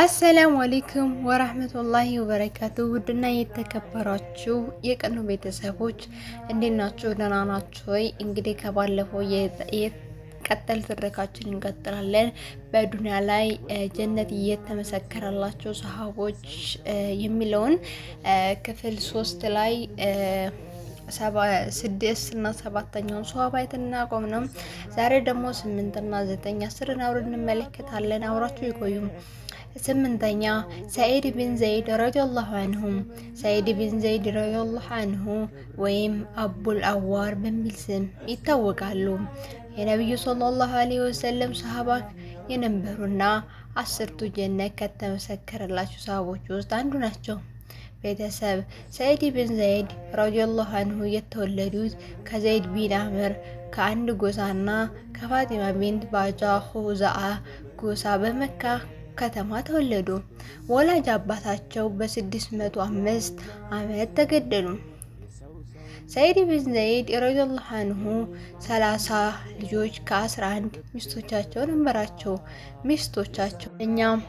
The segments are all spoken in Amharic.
አሰላሙ አሌይኩም ወራህመቱላሂ ወበረካቱ። ውድና የተከበራችሁ የቀኑ ቤተሰቦች እንዴት ናችሁ? ደህና ናችሁ ወይ? እንግዲህ ከባለፈው ቀጠል ትረካችን እንቀጥላለን። በዱንያ ላይ ጀነት እየተመሰከረላቸው ሰሃቦች የሚለውን ክፍል ሶስት ላይ ስድስት እና ሰባተኛውን ሰዋባ የተናቆም ነው። ዛሬ ደግሞ ስምንት ዘጠኝ አስርን አብረን እንመለከታለን። አብራችሁ ይቆዩም። ስምንተኛ ሰዒድ ብን ዘይድ ረዲየላሁ አንሁ ሰዒድ ብን ዘይድ ረዲየላሁ አንሁ ወይም አቡል አዋር በሚል ስም ይታወቃሉ። የነቢዩ ሰለላሁ ዐለይሂ ወሰለም ሰሃባ የነበሩና አስርቱ ጀነት ከተመሰከረላቸው ሰሃቦች ውስጥ አንዱ ናቸው። ቤተሰብ ሰዒድ ብን ዘይድ ረዲየላሁ አንሁ የተወለዱት ከዘይድ ቢን አምር ከአንድ ጎሳና ከፋጢማ ቢንት ባጃ ሁዛአ ጎሳ በመካ ከተማ ተወለዱ። ወላጅ አባታቸው በ605 ዓመት ተገደሉ። ሰይድ ብን ዘይድ ረዲየላሁ አንሁ 30 ልጆች ከ11 ሚስቶቻቸው ነበራቸው። ሚስቶቻቸው እኛም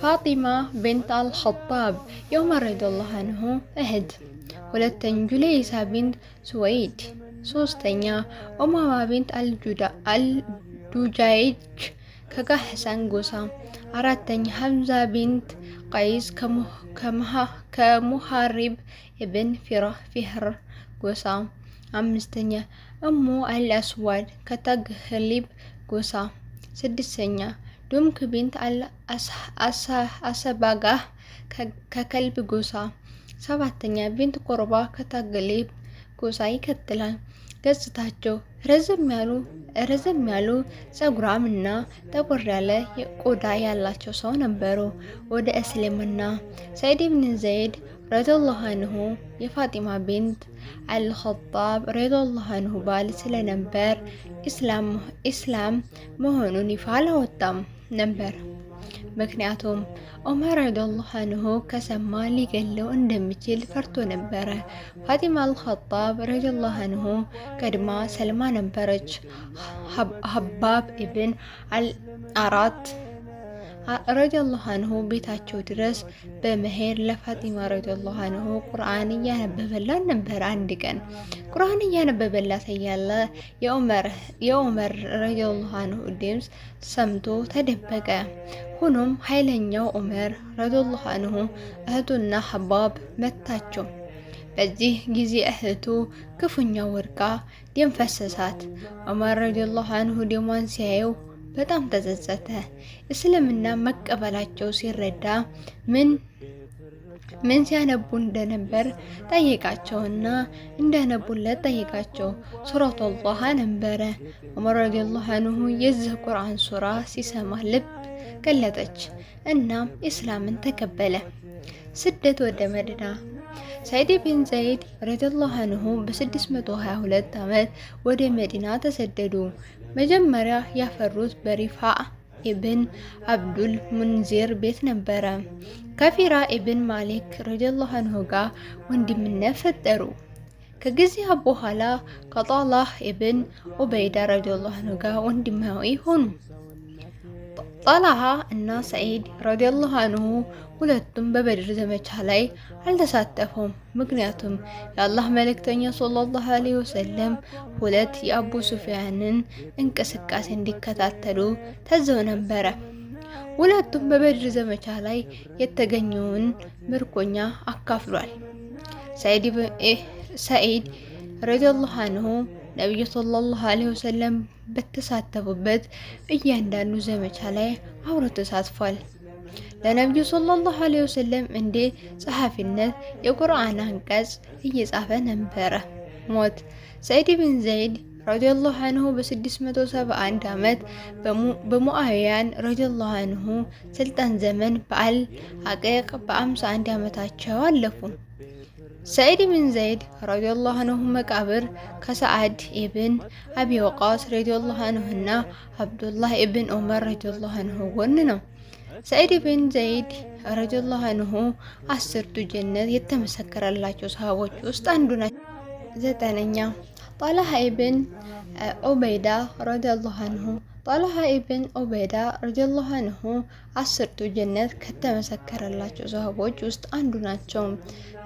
ፋጢማ ቢንት አልኸጣብ የዑመር ረዲየላሁ አንሁ እህት፣ ሁለተኛ ጁለይሳ ቢንት ሱወይድ፣ ሶስተኛ ኡማማ ቢንት አልዱጃይጅ ከጋህሳን ጎሳ፣ አራተኛ ሐምዛ ቢንት ቀይስ ከሙሃሪብ እብን ፊራ ፊህር ጎሳ፣ አምስተኛ እሙ አልአስዋድ ከተግህሊብ ጎሳ፣ ስድስተኛ ዱምክ ቢንት አሰባጋ ከከልብ ጎሳ፣ ሰባተኛ ቢንት ቆርባ ከተግሊብ ጎሳ ይከትላል። ገጽታቸው ረዘም ያሉ ረዘም ያሉ ጸጉራም እና ጠቆር ያለ ቆዳ ያላቸው ሰው ነበሩ። ወደ እስልምና ሰይድ ብን ዘይድ ረዲየላሁ አንሁ የፋጢማ ቢንት አልኸጣብ ረዲየላሁ አንሁ ባል ስለነበር ኢስላም መሆኑን ይፋ አላወጣም ነበር። ምክንያቱም ዑመር ረዲየላሁ አንሁ ከሰማ ሊገለው እንደሚችል ፈርቶ ነበረ። ፋጢማ አልኸጣብ ረዲየላሁ አንሁ ቀድማ ሰልማ ነበረች። ሀባብ ኢብን አራት ረዲየላሁ አንሁ ቤታቸው ድረስ በመሄድ ለፋጢማ ረዲየላሁ አንሁ ቁርአን እያነበበላት ነበር። አንድ ቀን ቁርአን እያነበበላት እያለ የዑመር ረዲየላሁ አንሁ ድምፅ ሰምቶ ተደበቀ። ሆኖም ኃይለኛው ዑመር ረዲየላሁ አንሁ እህቱና ሐባብ መታቸው። በዚህ ጊዜ እህቱ ክፉኛ ወድቃ ደም ፈሰሳት። ዑመር ረዲየላሁ አንሁ ደሟን ሲያየው በጣም ተጸጸተ። እስልምና መቀበላቸው ሲረዳ ምን ምን ሲያነቡ እንደነበር ጠይቃቸውና እንደነቡለት ጠይቃቸው። ሱረቱ ጣሃ ነበረ። ዑመር ረዲየላሁ አንሁ የዚህ ቁርአን ሱራ ሲሰማ ልብ ገለጠች። እናም ኢስላምን ተቀበለ። ስደት ወደ መድና ሰይድ ቢን ዘይድ ረዲየላሁ አንሁ በ622 ዓመት ወደ መዲና ተሰደዱ። መጀመሪያ ያፈሩት በሪፋ ኢብን አብዱል ሙንዚር ቤት ነበረ። ከፊራ ኢብን ማሊክ ረዲየላሁ አንሁ ጋር ወንድምነት ፈጠሩ። ከጊዜያ በኋላ ከጣላህ ኢብን ኡበይዳ ረዲየላሁ አንሁ ጋር ወንድማዊ ሆኑ። ጣልሃ እና ሰዒድ ረዲየላሁ አንሁ ሁለቱም በበድር ዘመቻ ላይ አልተሳተፉም። ምክንያቱም የአላህ መልእክተኛ ሰለላሁ ዐለይሂ ወሰለም ሁለት የአቡ ሱፊያንን እንቅስቃሴ እንዲከታተሉ ተዘው ነበረ። ሁለቱም በበድር ዘመቻ ላይ የተገኘውን ምርኮኛ አካፍሏል። ሰዒድ ረዲየላሁ አንሁ ነቢዩ ሰለላሁ አለይሂ ወሰለም በተሳተፉበት እያንዳንዱ ዘመቻ ላይ አብሮ ተሳትፏል። ለነቢዩ ሰለላሁ አለይሂ ወሰለም እንደ ጸሐፊነት የቁርአን አንቀጽ እየጻፈ ነበረ። ሞት ሰይድ ብን ዘይድ ረዲየላሁ አንሁ በ671 ዓመት በሙአውያን ረዲየላሁ አንሁ ስልጣን ዘመን በአል አቂቅ በ51 ዓመታቸው አለፉ። ሰዒድ ብን ዘይድ ረዲየላሁ አንሁ መቃብር ከሰዓድ ኢብን አቢ ወቃስ ረዲየላሁ አንሁና ዓብዱላህ ኢብን ዑመር ረዲየላሁ አንሁ ጎን ነው። ሰዒድ ብን ዘይድ ረዲየላሁ አንሁ አስርቱ ጀነት የተመሰከረላቸው ሰሃቦች ውስጥ አንዱ ናቸው። ዘጠነኛ ጣላሃ ኢብን ዑበይዳ ረዲየላሁ አንሁ ጦልሃ ኢብን ኦቤዳ ረዲየላሁ አንሁ አስርቱ ጀነት ከተመሰከረላቸው ሰሃቦች ውስጥ አንዱ ናቸው።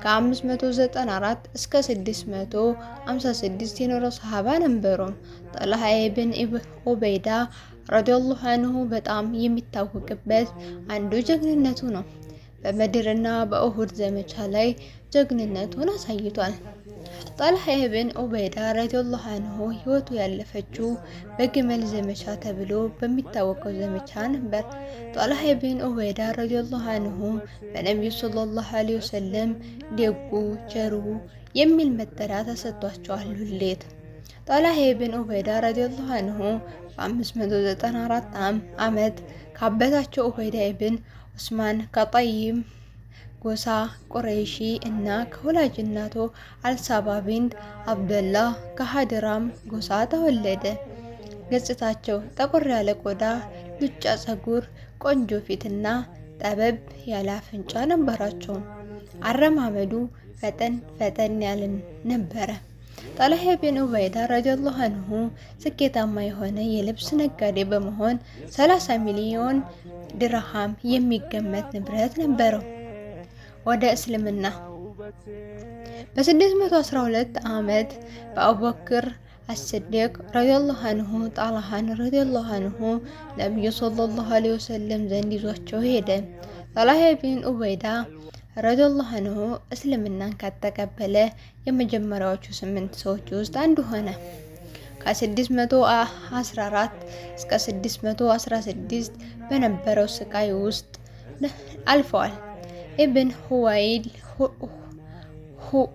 ከ594 እስከ 656 የኖረው ሰሃባ ነበሩ። ጦልሃ ኢብን ኦበይዳ ረዲየላሁ አንሁ በጣም የሚታወቅበት አንዱ ጀግንነቱ ነው። በበድርና በኡሁድ ዘመቻ ላይ ጀግንነቱን አሳይቷል። ጣልሐ ብን ዑበይዳ ረዲየላሁ አንሁ ህይወቱ ያለፈችው በግመል ዘመቻ ተብሎ በሚታወቀው ዘመቻ ነበር። ጣልሐ ብን ዑበይዳ ረዲየላሁ አንሁ በነቢዩ ሰለላሁ ዐለይሂ ወሰለም ደጉ፣ ቸሩ የሚል መጠሪያ ተሰጥቷቸዋል። ሁሌት ጣልሐ ብን ዑበይዳ ረዲየላሁ አንሁ በ594 ዓመት ከአባታቸው ዑበይዳ ኢብን ዑስማን ከጠይም ጎሳ ቁረይሺ እና ከወላጅ እናቱ አልሳባ ቢንት አብደላ ከሀድራም ጎሳ ተወለደ። ገጽታቸው ጠቆር ያለ ቆዳ፣ ሉጫ ጸጉር፣ ቆንጆ ፊትና ጠበብ ያለ አፍንጫ ነበራቸው። አረማመዱ ፈጠን ፈጠን ያለ ነበረ። ጣልሐ ቢን ዑበይዳ ረዲየላሁ አንሁ ስኬታማ የሆነ የልብስ ነጋዴ በመሆን 30 ሚሊዮን ድርሃም የሚገመት ንብረት ነበረው። ወደ እስልምና በ612 ዓመት በአቡበክር አስዲቅ ረዲየላሁ አንሁ ጣልሃን ረዲየላሁ አንሁ ነቢዩ ሰለላሁ ዓለይሂ ወሰለም ዘንድ ይዟቸው ሄደ። ጣልሃ ቢን ኡበይዳ ረዲየላሁ አንሁ እስልምናን ከተቀበለ የመጀመሪያዎቹ ስምንት ሰዎች ውስጥ አንዱ ሆነ። ከ614 እስከ 616 በነበረው ስቃይ ውስጥ አልፈዋል። ኢብን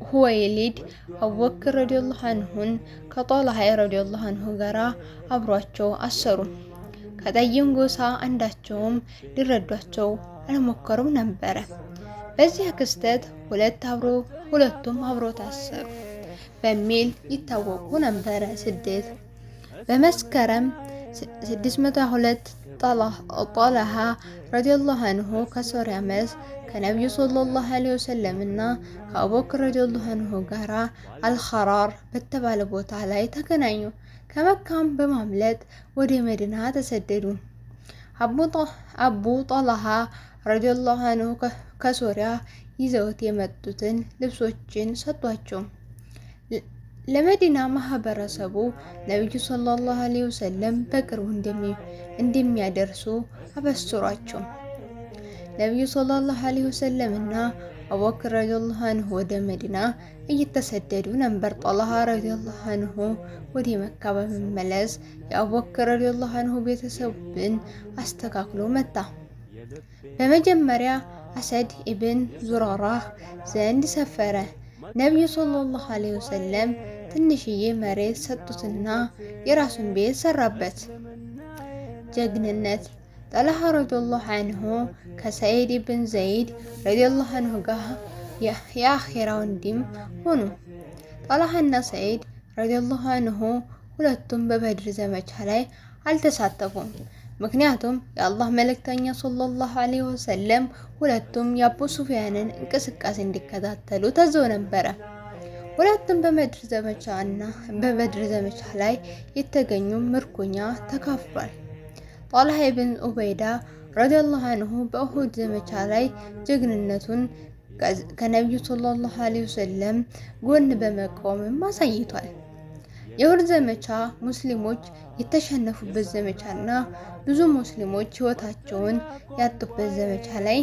ሁወይሊድ አቡበክር ረዲየላሁ አንሁን ከጦልሃ ረዲየላሁ አንሁ ጋራ አብሯቸው አሰሩ። ከጠይም ጎሳ አንዳቸውም ሊረዷቸው አልሞከሩም ነበረ። በዚያ ክስተት ሁለት አብሮ ሁለቱም አብሮ ታሰሩ በሚል ይታወቁ ነበረ። ስደት በመስከረም 602 ጣልሃ ረዲየላሁ አንሁ ከሶሪያ መልስ ከነቢዩ ሰለላሁ ዐለይሂ ወሰለም እና ከአቡበክር ረዲየላሁ አንሁ ጋራ አልኸራር በተባለ ቦታ ላይ ተገናኙ። ከመካም በማምለጥ ወደ መዲና ተሰደዱ። አቡ ጣልሃ ረዲየላሁ አንሁ ከሶሪያ ይዘውት የመጡትን ልብሶችን ሰጧቸው። ለመዲና ማህበረሰቡ ነቢዩ ሰለላሁ ዐለይሂ ወሰለም በቅርቡ እንደሚያደርሱ አበስሯቸው። ነቢዩ ሰለላሁ ዐለይሂ እና አቡበክር ረዲየላሁ አንሁ ወደ መዲና እየተሰደዱ ነበር። ጦልሃ ረዲየላሁ አንሁ ወደ መካ በመመለስ የአቡበክር ረዲየላሁ አንሁ ቤተሰብን አስተካክሎ መጣ። በመጀመሪያ አሰድ ኢብን ዙራራህ ዘንድ ሰፈረ። ነቢዩ ሰለላሁ ዐለይሂ ወሰለም ትንሽዬ መሬት ሰጡትና የራሱን ቤት ሰራበት። ጀግንነት ጠልሃ ረዲየላሁ አንሁ ከሰይድ ብን ዘይድ ረዲየላሁ አንሁ ጋር የአኼራ ወንድም ሆኑ። ጠልሃና ሰይድ ረዲየላሁ አንሁ ሁለቱም በበድር ዘመቻ ላይ አልተሳተፉም። ምክንያቱም የአላህ መልእክተኛ ሰለላሁ ዐለይሂ ወሰለም ሁለቱም የአቡ ሱፊያንን እንቅስቃሴ እንዲከታተሉ ተዘው ነበረ። ሁለቱም በመድር ዘመቻ እና በበድር ዘመቻ ላይ የተገኙ ምርኮኛ ተካፍሏል። ጣልሃ ብን ኡበይዳ ረዲየላሁ አንሁ በእሁድ ዘመቻ ላይ ጀግንነቱን ከነቢዩ ሰለላሁ ዐለይሂ ወሰለም ጎን በመቆምም አሳይቷል። የኡሁድ ዘመቻ ሙስሊሞች የተሸነፉበት ዘመቻና ብዙ ሙስሊሞች ሕይወታቸውን ያጡበት ዘመቻ ላይ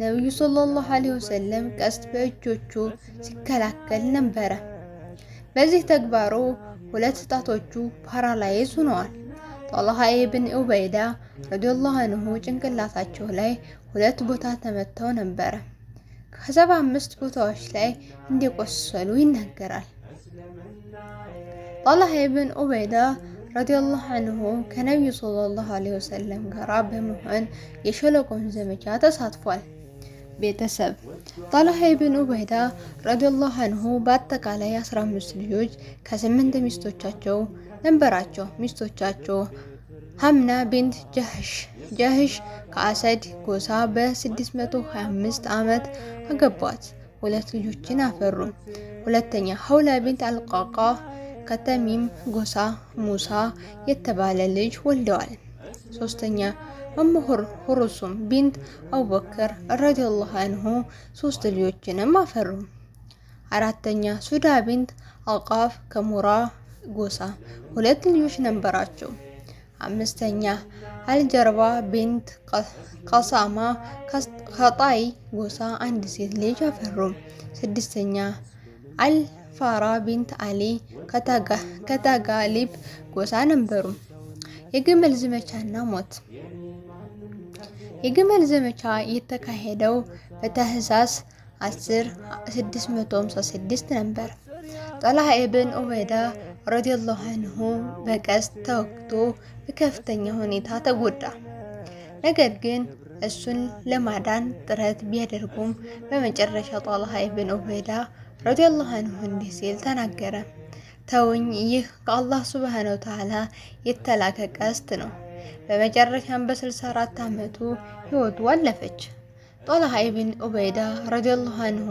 ነቢዩ ሰለላሁ ዐለይሂ ወሰለም ቀስት በእጆቹ ሲከላከል ነበረ። በዚህ ተግባሩ ሁለት ጣቶቹ ፓራላይዝ ሆነዋል። ጣልሃ ኢብን ኡበይዳ ረዲየላሁ አንሁ ጭንቅላታቸው ላይ ሁለት ቦታ ተመተው ነበረ። ከሰባ አምስት ቦታዎች ላይ እንደቆሰሉ ይናገራል። ጣልሃ ኢብን ኡበይዳ ረዲየላሁ አንሁ ከነቢዩ ሰለላሁ ዐለይሂ ወሰለም ጋር በመሆን የሸለቆን ዘመቻ ተሳትፏል። ቤተሰብ ጣልሃ ኢብን ኡበይዳ ረዲየላሁ አንሁ በአጠቃላይ 15 ልጆች ከስምንት ሚስቶቻቸው ነበራቸው። ሚስቶቻቸው ሐምና ቢንት ጃህሽ ጃህሽ ከአሰድ ጎሳ በ625 ዓመት አገቧት። ሁለት ልጆችን አፈሩ። ሁለተኛ ሐውላ ቢንት አልቃቃ ከተሚም ጎሳ ሙሳ የተባለ ልጅ ወልደዋል። ሶስተኛ እሙ ሁርሱም ቢንት አቡበከር ረዲየላሁ አንሁ ሶስት ልጆችንም አፈሩ። አራተኛ ሱዳ ቢንት አቃፍ ከሙራ ጎሳ ሁለት ልጆች ነበራቸው። አምስተኛ አልጀርባ ቢንት ቀሳማ ከጣይ ጎሳ አንድ ሴት ልጅ አፈሩ። ስድስተኛ አልፋራ ቢንት አሊ ከተጋሊብ ጎሳ ነበሩ። የግመል ዝመቻና ሞት የግመል ዘመቻ የተካሄደው በታህሳስ 10 656 ነበር። ጠላህ ኢብን ኡበይዳ ረዲየላሁ አንሁ በቀስት ተወግቶ በከፍተኛ ሁኔታ ተጎዳ። ነገር ግን እሱን ለማዳን ጥረት ቢያደርጉም በመጨረሻ ጣልሃ ኢብን ኡበይዳ ረዲየላሁ አንሁ እንዲህ ሲል ተናገረ፣ ተውኝ፣ ይህ ከአላህ ሱብሃነሁ ወተዓላ የተላከ ቀስት ነው። በመጨረሻም በ64 ዓመቱ ህይወቱ አለፈች። ጦልሃ ኢብን ኡበይዳ ረዲየላሁ አንሁ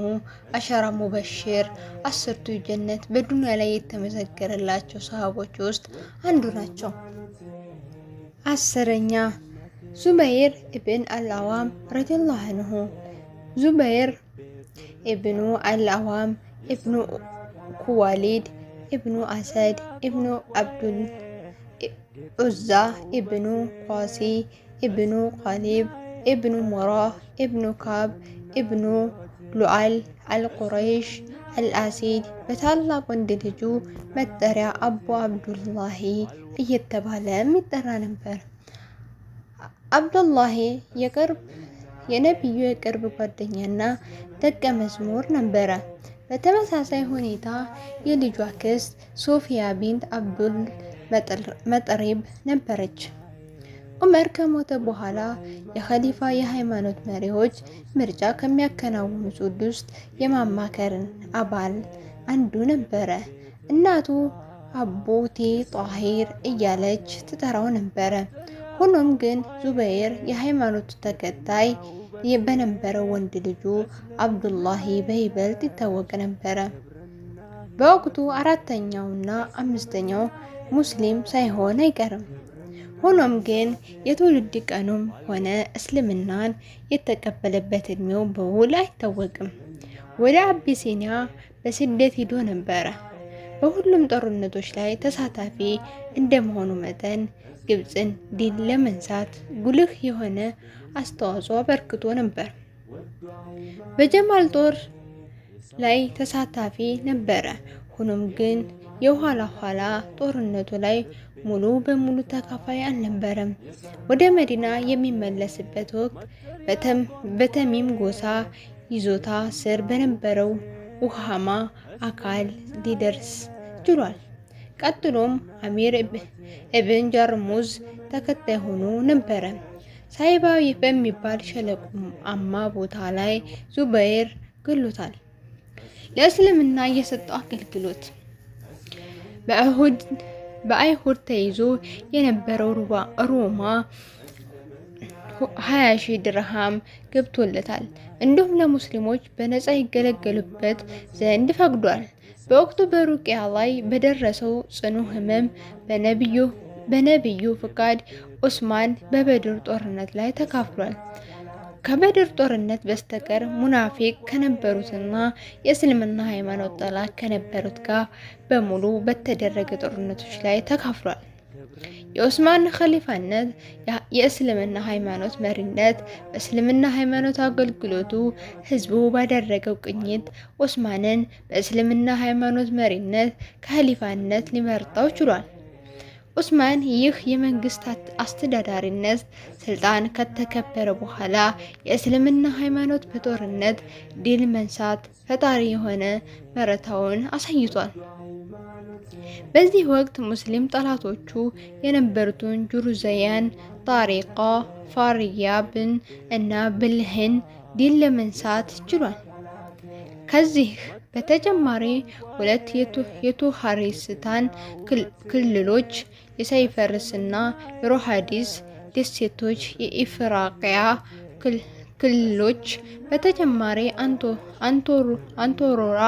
አሸራ ሙበሽር አስርቱ ጀነት በዱንያ ላይ የተመዘገረላቸው ሰሃቦች ውስጥ አንዱ ናቸው። አስረኛ ዙበይር ኢብን አልአዋም ረዲየላሁ አንሁ ዙበይር ኢብኑ አልአዋም ኢብኑ ኩዋሊድ ኢብኑ አሰድ ኢብኑ አብዱል ዑዛ ኢብኑ ኳሲ ኢብኑ ኳሊብ ኢብኑ ሞራህ ኢብኑ ካብ ኢብኑ ሉዓል አልቁረይሽ አልአሲድ በታላቅ ወንድ ልጁ መጠሪያ አቡ አብዱላሂ እየተባለ የሚጠራ ነበር። አብዱላሂ የቅርብ የነቢዩ የቅርብ ጓደኛና ደቀ መዝሙር ነበረ። በተመሳሳይ ሁኔታ የልጇ ክስት ሶፊያ ቢንት አብዱል መጠሪብ ነበረች። ዑመር ከሞተ በኋላ የኸሊፋ የሃይማኖት መሪዎች ምርጫ ከሚያከናውኑት ውስጥ የማማከርን አባል አንዱ ነበረ። እናቱ አቦቴ ጣሂር እያለች ትጠራው ነበረ። ሆኖም ግን ዙበይር የሃይማኖቱ ተከታይ በነበረው ወንድ ልጁ አብዱላሂ በይበልጥ ይታወቅ ነበረ። በወቅቱ አራተኛውና አምስተኛው ሙስሊም ሳይሆን አይቀርም። ሆኖም ግን የትውልድ ቀኑም ሆነ እስልምናን የተቀበለበት እድሜው በውል አይታወቅም። ወደ አቢሲኒያ በስደት ሂዶ ነበረ። በሁሉም ጦርነቶች ላይ ተሳታፊ እንደመሆኑ መጠን ግብፅን ድል ለመንሳት ጉልህ የሆነ አስተዋጽኦ አበርክቶ ነበር። በጀማል ጦር ላይ ተሳታፊ ነበረ። ሆኖም ግን የኋላ ኋላ ጦርነቱ ላይ ሙሉ በሙሉ ተካፋይ አልነበረም። ወደ መዲና የሚመለስበት ወቅት በተሚም ጎሳ ይዞታ ስር በነበረው ውሃማ አካል ሊደርስ ችሏል። ቀጥሎም አሚር እብን ጃርሙዝ ተከታይ ሆኖ ነበረ። ሳይባዊ በሚባል ሸለቆማ ቦታ ላይ ዙበይር ገሎታል። ለእስልምና የሰጠው አገልግሎት በአይሁድ ተይዞ የነበረው ሮማ 20 ሺህ ድርሃም ገብቶለታል። እንዲሁም ለሙስሊሞች በነፃ ይገለገሉበት ዘንድ ፈቅዷል። በወቅቱ በሩቅያ ላይ በደረሰው ጽኑ ህመም በነቢዩ ፍቃድ ኡስማን በበድር ጦርነት ላይ ተካፍሏል። ከበድር ጦርነት በስተቀር ሙናፊቅ ከነበሩትና የእስልምና ሃይማኖት ጠላት ከነበሩት ጋር በሙሉ በተደረገ ጦርነቶች ላይ ተካፍሏል። የኦስማን ኸሊፋነት፣ የእስልምና ሃይማኖት መሪነት፣ በእስልምና ሃይማኖት አገልግሎቱ ህዝቡ ባደረገው ቅኝት ኦስማንን በእስልምና ሃይማኖት መሪነት ከኸሊፋነት ሊመርጠው ችሏል። ዑስማን ይህ የመንግስት አስተዳዳሪነት ስልጣን ከተከበረ በኋላ የእስልምና ሃይማኖት በጦርነት ድል መንሳት ፈጣሪ የሆነ መረታውን አሳይቷል። በዚህ ወቅት ሙስሊም ጠላቶቹ የነበሩትን ጁሩዘያን፣ ጣሪቃ፣ ፋርያብን እና ብልህን ድል ለመንሳት ችሏል። ከዚህ በተጨማሪ ሁለት የቱሃሪስታን ክልሎች የሳይፈርስና የሮሃዲስ ደሴቶች የኢፍራቅያ ክልሎች በተጨማሪ አንቶሮራ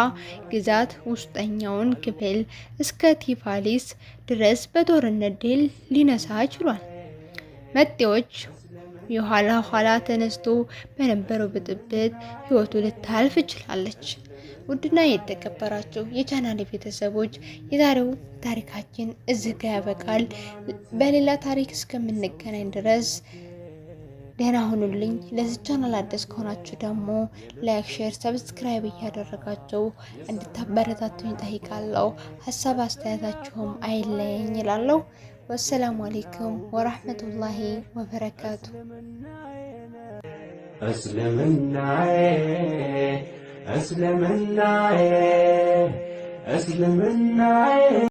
ግዛት ውስጠኛውን ክፍል እስከ ቲፋሊስ ድረስ በጦርነት ድል ሊነሳ ችሏል። መጤዎች የኋላ ኋላ ተነስቶ በነበረው ብጥብጥ ሕይወቱ ልታልፍ ይችላለች። ውድና የተከበራችሁ የቻናል ቤተሰቦች የዛሬው ታሪካችን እዚህ ጋ ያበቃል። በሌላ ታሪክ እስከምንገናኝ ድረስ ደህና ሁኑልኝ። ለዚህ ቻናል አዲስ ከሆናችሁ ደግሞ ላይክ፣ ሼር፣ ሰብስክራይብ እያደረጋችሁ እንድታበረታቱኝ ጠይቃለሁ። ሀሳብ አስተያየታችሁም አይለየኝ ይላለሁ። ወሰላሙ አሌይኩም ወራህመቱላሂ ወበረካቱ። እስልምናዬ እስልምናዬ